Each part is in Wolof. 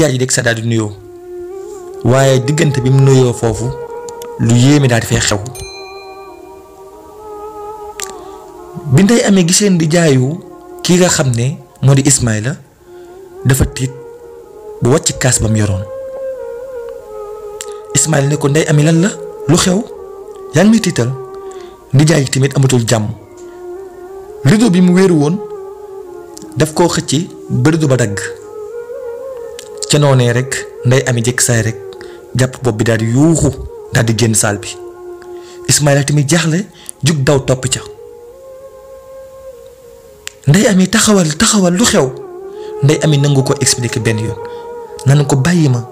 Pierre yi dégg sa daal bi mu nuyoo foofu lu yéeme daal di fay xew bi kii nga xam ne moo di Ismaïla dafa tiit bu wàcc kaas ba mu yoroon Ismaïla lu xew yaa ngi amatul jàmm rido bi mu wéeru woon daf koo xëcc ba rido ba dagg ca noonee rek nday am jëkk saay rek jàpp bopp bi daal di yuuxu daal di génn saal bi Ismaïla tamit jaaxle jug daw topp ca am yi taxawal taxawal lu xew nday ami nangu ko expliquer benn yoon nanu ko bàyyi ma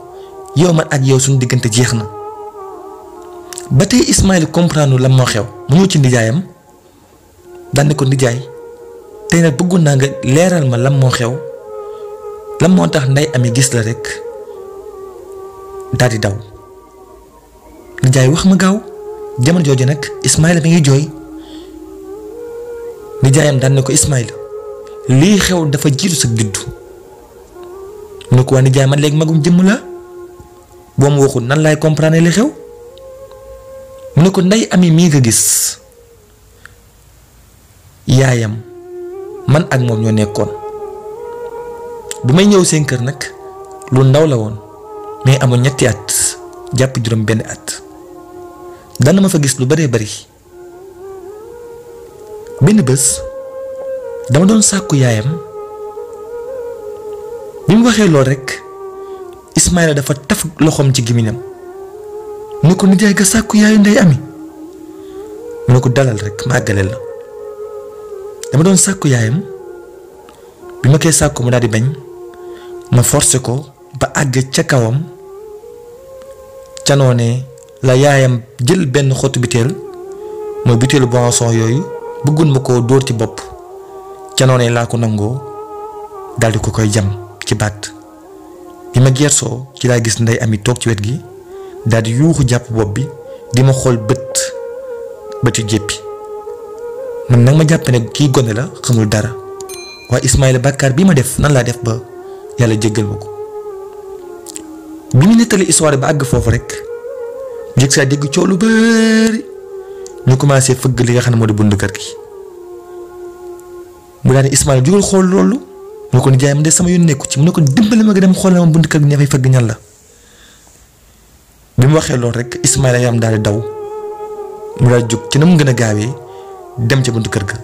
yow man ak yow suñu diggante jeex na ba tey Ismaïla comprendre lan moo xew mu ñëw ci nijaayam daan ne ko ndijaay tey nag bëggoon naa nga leeral ma lan moo xew lan moo tax nday ami gis la rek daal di daw nijaay wax ma gaaw jamono jooju nag Ismaïla bi ngi jooy nijaayam daan ne ko Ismaïla lii xew dafa jiitu sa juddu mu ne ko waa nijaay man léegi magum jëmm la boo mu waxul nan laay comprendre li xew mu ne ko nday ami mii nga gis yaayam man ak moom ñoo nekkoon bu may ñëw seen kër nag lu ndaw la woon mais amoon ñetti at jàpp juróom benn at dana ma fa gis lu bëree bari benn bés dama doon sàkku yaayam bi waxee lool rek Ismaïla dafa taf loxoom ci gémmiñam ni sàkku yaayu ndey ami mu ko dalal rek ma la dama doon sàkku yaayam bi ma koy sàkku mu daal di bañ ma forcé ko ba àgg ca kawam ca noonee la yaayam jël benn xottu biteel mooy butéelu boisson yooyu bëggun ma koo dóor ci bopp ca noonee laa ko nangoo daldi ko koy jam ci baat bi ma gersoo ci laa gis ndey ami toog ci wet gi daldi yuuxu jàpp bopp bi di ma xool bët bëti jéppi man nag ma jàpp ne kii gone la xamul dara waaye Ismaïla bàkkaar bi ma def nan laa def ba yàlla jéggal ma ko bi ñu nettali histoire ba àgg foofu rek njëkk saa dégg coow lu bari ñu commencé fëgg li nga xam ne moo di bund kër gi mu daane Ismaïla jógal xool loolu mu ko ni jaay ma de sama yoon nekku ci mu ne ko dimbali ma nga dem xool ma bund kër gi ña fay fëgg ñan la bi mu waxee loolu rek Ismaïla am daal di daw mu daal jóg ci na mu gën a gaawee dem ca buntu kër ga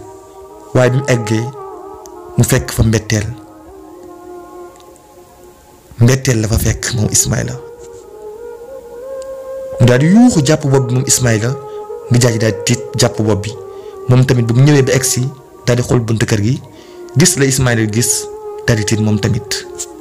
waaye bi mu eggee mu fekk fa mbetteel mbetteel la fa fekk moom Ismaïla la daal di yuuxu jàpp bopp bi moom la ngi jaay daal di tiit jàpp bopp bi moom tamit bu mu ñëwee ba egsi daal di xool buntu kër gi gis la Ismaïla gis daal tiit moom tamit.